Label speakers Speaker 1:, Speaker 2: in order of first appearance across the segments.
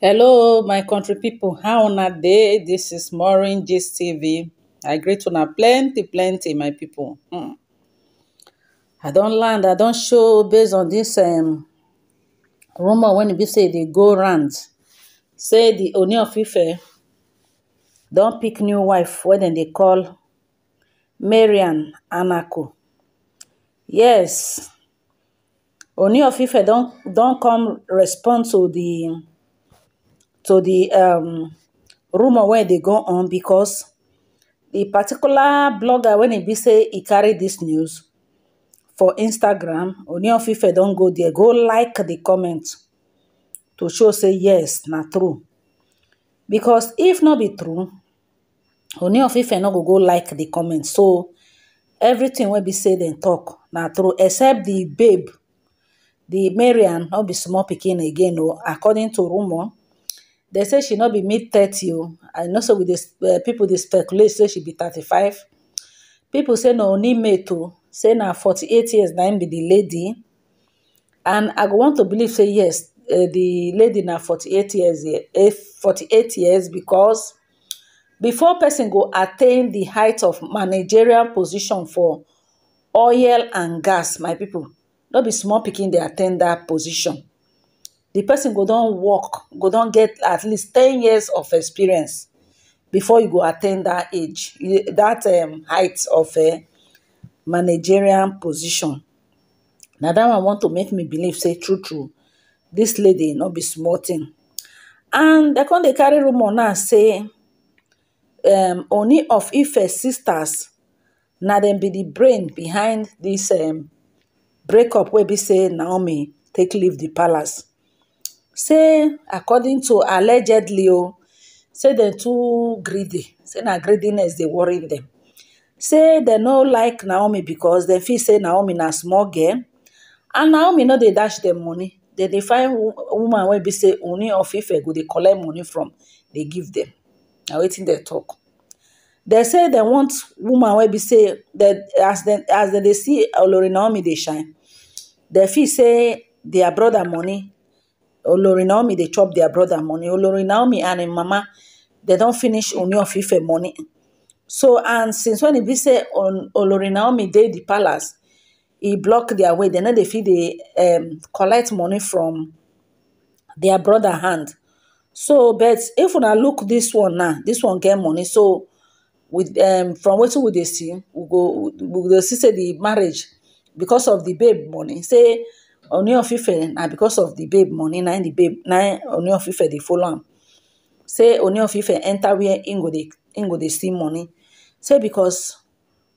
Speaker 1: hello my country people. how on una day? This is Maureen gist tv i greet on a plenty plenty my people. hmm i don't land i don't show based on this um, rumor. when e be say they go round say the oni of ife don pick new wife wey then they call marian anako yes oni of ife don't come respond to the. to the um, rumor where they go on because the particular blogger when it be say he carry this news for instagram onion fife not go there go like the comment to show say yes not true because if not be true onion fife no go go like the comment so everything will be say and talk not true except the babe the marian not be small picking again o oh. according to rumour They say she not be mid thirty o i know with we dey eh, pipo dey speculate say she be thirty-five pipo say no, only mate o oh. say now forty-eight years na im be the lady and i go want to believe say yes eh, the lady now forty-eight years eh, forty-eight years because before person go attain the height of managerial position for oil and gas my people, no be small picking they attain that position the person go don't work go don't get at least ten years of experience before you go attain that age that um, height of a managerial position Now, that one want to make me believe say true true this lady not be small thing and they come dey carry rumor now say um, only of Ife sisters now dem be the brain behind this um, breakup wey be say Naomi take leave the palace say according to allegedly o oh, say dem too greedy say na greediness dey worry dem say dem no like naomi because dem feel say naomi na small girl and naomi no dey dash dem money dem dey find woman wey be say oni of ife go dey collect money from dey give dem na wetin dem talk. dem say dem want woman wey be say as dem dey see olori naomi dey shine dem feel say dia broda money olori naomi dey chop their brother money olori naomi and im mama they don't finish oni of ife money so and since when e be say olori naomi dey di palace he block their way dem they dey they um collect money from their brother hand so but if we look this one now this one get money so with um from wetin we dey see we go see say the marriage because of the babe money say Ooni of Ife na because of the babe money na the babe na Ooni of Ife dey follow am. Say Ooni of Ife enter where im go dey im go dey steal money. Say because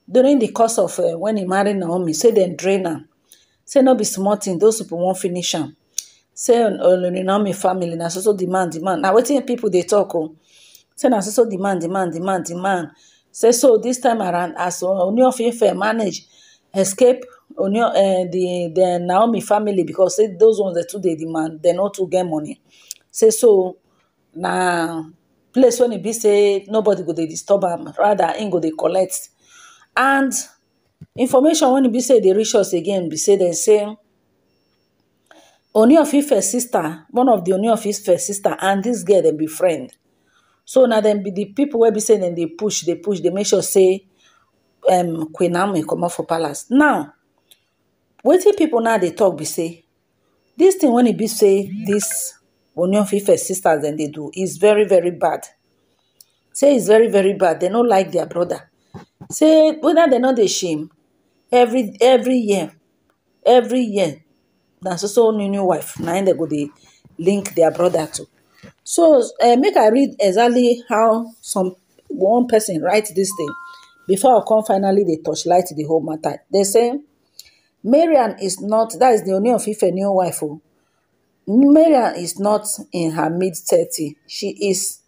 Speaker 1: during the course of uh, when he marry Naomi, say dem drain am. Say no be small thing, those people wan finish am. Say Ooni Naomi family na so so demand demand. Na wetin people dey talk o. Say na so so demand demand demand demand. Say so this time around as Ooni of Ife manage escape Onion um eh, the the Naomi family because say those ones dey too dey demand dem no too get money say so na place when e be say nobody go they disturb them rather im go they collect and information when e be say they reach us again be say they say Ooni of first sister one of the Ooni of first sister and this girl they be friend so now dem be the people wey be say then they push they push they make sure say um Queen Naomi comot for palace now wetin people now they talk be say this thing when e be say dis onion fife sisters dem they do is very very bad say is very very bad They not like their brother. say whether they not the shame every every year every year that's so so new new wife Now im dem go they link their brother to so eh, make i read exactly how some one person write this thing before i come finally they touch light the whole matter They say Marian is not, that is the only of a new wife. Oh. Marian is not in her mid 30. She is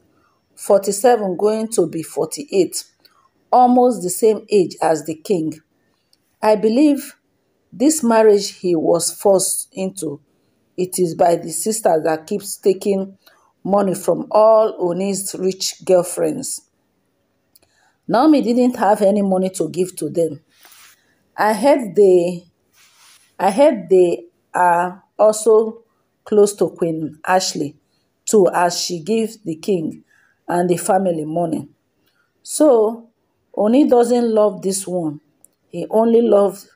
Speaker 1: 47 going to be 48, almost the same age as the king. I believe this marriage he was forced into, it is by the sister that keeps taking money from all Oni's rich girlfriends. Naomi didn't have any money to give to them. I heard they I heard they are also close to Queen Ashley too as she gives the king and the family money. So Oni doesn't love this one. He only loves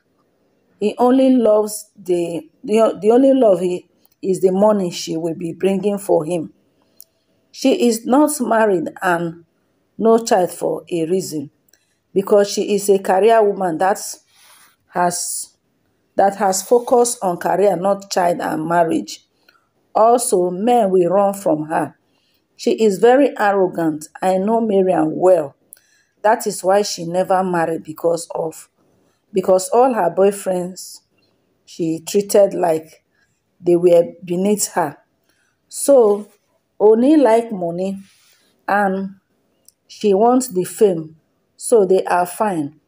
Speaker 1: he only loves the the, the only love he is the money she will be bringing for him. She is not married and no child for a reason because she is a career woman that has that has focused on career, not child and marriage. Also, men will run from her. She is very arrogant. I know Miriam well. That is why she never married because of because all her boyfriends she treated like they were beneath her. So Oni like money and she wants the fame. So they are fine.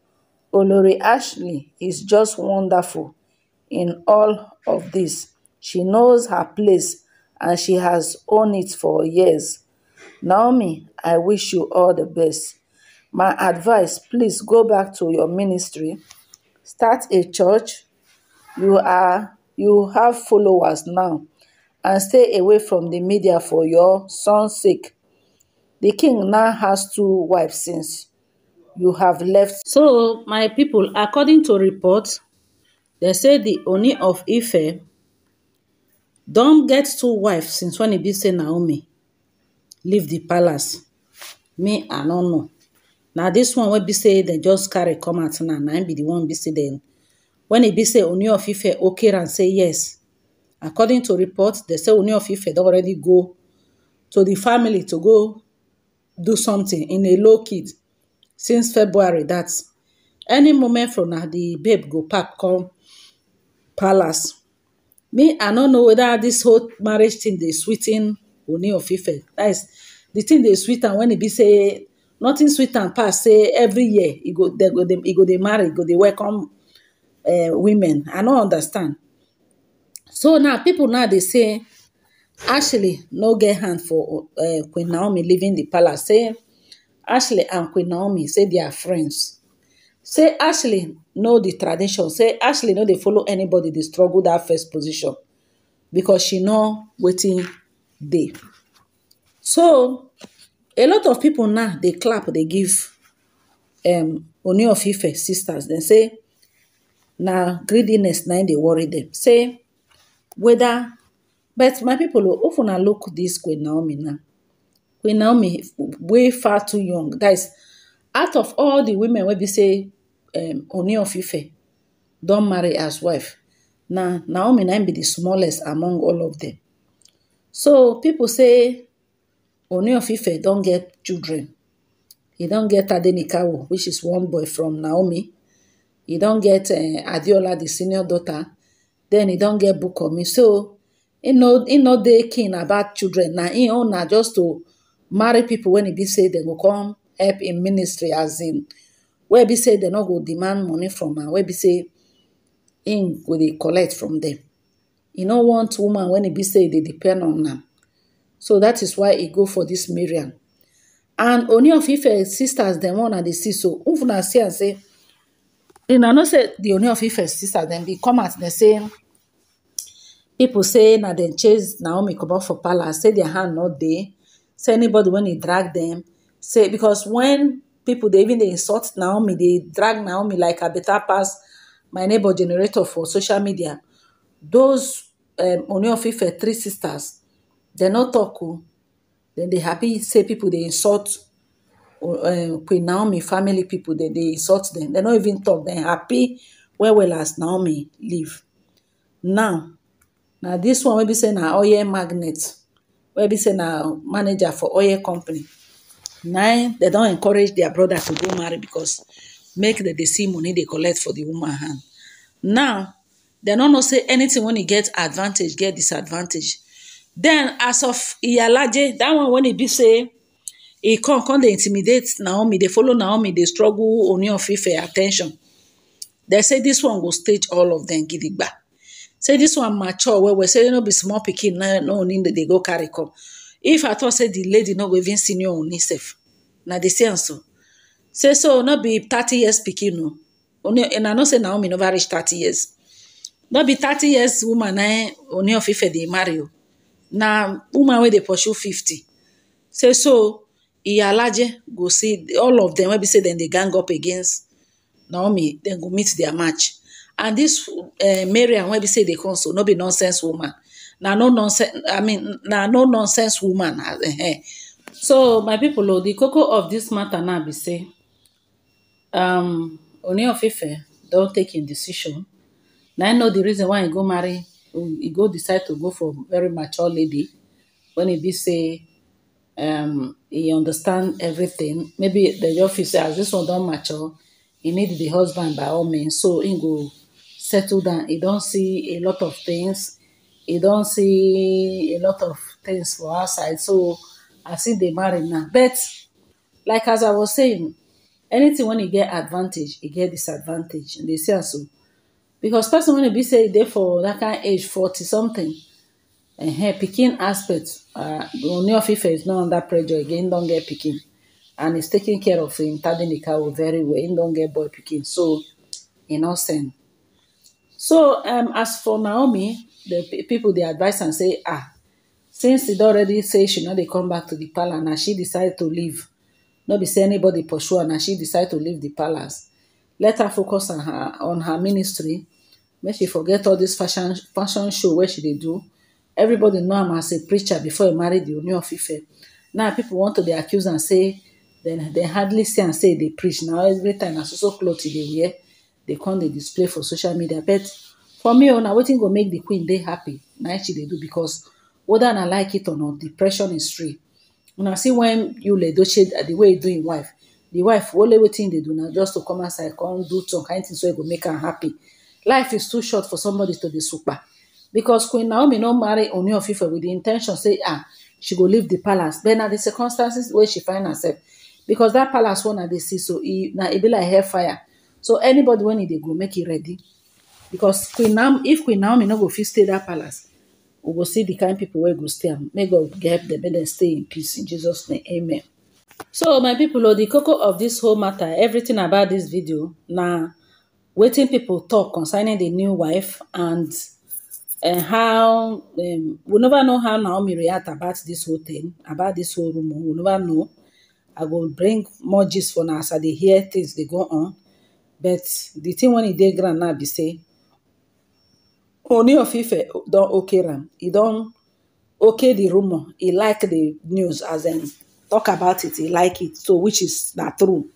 Speaker 1: Olori Ashley is just wonderful in all of this. She knows her place and she has owned it for years. Naomi, I wish you all the best. My advice please go back to your ministry, start a church. You are you have followers now and stay away from the media for your son's sake. The king now has two wives since you have left. So, my people, according to reports, they say the Oni of Ife don't get two wives since when he be say Naomi leave the palace. Me, I don't know. Now, this one wey be say they just carry come out now, na im be the one be say then When he be say Oni of Ife okay and say yes. According to reports, they say Oni of Ife already go to the family to go do something in a low kid since february dat any moment from now the babe go pack come palace me i don't know whether this whole marriage thing dey sweeten oni of ife that is the thing dey sweet am when e be say nothing sweet am pass say every year e go they go they e marry e go they welcome eh, women i don't understand so now people now they say ashley no get hand for eh, queen naomi leaving the palace say Ashley and Queen Naomi say they are friends. Say Ashley know the tradition. Say Ashley know they follow anybody. They struggle that first position because she know waiting day. So a lot of people now they clap. They give um Oni of Ife sisters. They say now greediness now they worry them. Say whether but my people oh, often look this Queen Naomi now. Naomi way far too young. That is, out of all the women when be say um, of Ife don't marry as wife, Now Naomi na be the smallest among all of them. So people say Oni of Ife don't get children. He don't get Adenikawo, which is one boy from Naomi. He don't get uh, the senior daughter. Then he don't get Bukomi. So he no he no they keen about children. Now he own just to marry people when e be say they go come help in ministry as in where e be say they no go demand money from her, where e be say im go dey collect from them. You e no want woman when e be say they depend on them, so that is why he go for this Miriam and only of Ife sisters dem one and they see so if una see and say una know say the only of Ife sisters dem bin come at dem say people say na they chase Naomi come out for palace say their hand no dey say anybody when he drag them, say because when people they even dey insult naomi they drag naomi like a better pass my neighbor generator for social media those um only of ife three sisters dem not talk. Oh. Then they happy say people they insult um queen naomi family people they they insult them. They no even talk. dem happy where will as naomi live. now now this one wey be say na oil magnet wey say now manager for oil company they don't encourage their brother to go marry because make the dey see money they collect for the woman hand now don't know say anything when he get advantage get disadvantage then as of iyalaje that one when he be say he come come they intimidate naomi They follow naomi They struggle only of ife attention They say this one will stage all of dem back. say dis one mature well well say no be small pikin na na oni dey go carry come if at all say di lady no go even see ni oni sef na di same so say so no be thirty years pikin no and i no say naomi no reach thirty years no be thirty years woman na eh, oni of ife dey marry o na woman wey dey pursue fifty say so iyalaje go see all of dem wey be say dem dey gang up against naomi dem go meet dia match. and this dis eh, mariam when we say dey come so no be nonsense woman na no nonsense i mean na no nonsense woman so my people o oh, di koko of this matter now be say um oni of don't take im decision Now i know the reason why he go marry He go decide to go for very mature lady when he be say um he understand everything maybe the just feel say as ah, dis one don't mature He need the husband by all means so he go settle down don't see a lot of things don't see a lot of things for outside so I see the marry now but like as i was saying anything when you get advantage you get disadvantage and they say so because person when you be say e for that kind age forty something and uh-huh, her picking aspect uh, Ooni of FIFA is not under pressure again Don't get picking, and he's taking care of him the cow very well Don't get boy picking. so e no send so um, as for Naomi, the people they advise and say, ah, since it already say she not they come back to the palace, and she decided to leave. Not be say anybody her. and she decided to leave the palace. Let her focus on her on her ministry. Make she forget all this fashion fashion show where she they do. Everybody know I'm as a preacher before I married the Union of Ife. Now people want to be accused and say then they hardly say and say they preach. Now every time as so clothes they wear. They come not display for social media but for me o oh, waiting to make the queen they happy na she do because whether I like it or not depression is is real I see when wen yul edochie uh, the way you do im wife The wife only wetin they do now, just to come outside come do some kind thing so I go make her happy life is too short for somebody to be super because queen naomi no marry only of ife with the intention say ah she go leave the palace but now the circumstances where she find herself because that palace one at the see so now it be like hair fire so anybody when e go make e ready because queen naomi if queen naomi no go fit stay that palace we go see the kind people where go stay am make god help them and stay in peace in jesus name amen so my people, oh, the cocoa of this whole matter everything about this video now waiting people talk concerning the new wife and eh, how we never know how naomi react about this whole thing about this whole rumor we never know i go bring more gist for now as i hear things they go on but the thing when he dey ground now be say only of Ife don okay ram. He don okay the rumor. He like the news as dem talk about it He like it so which is not true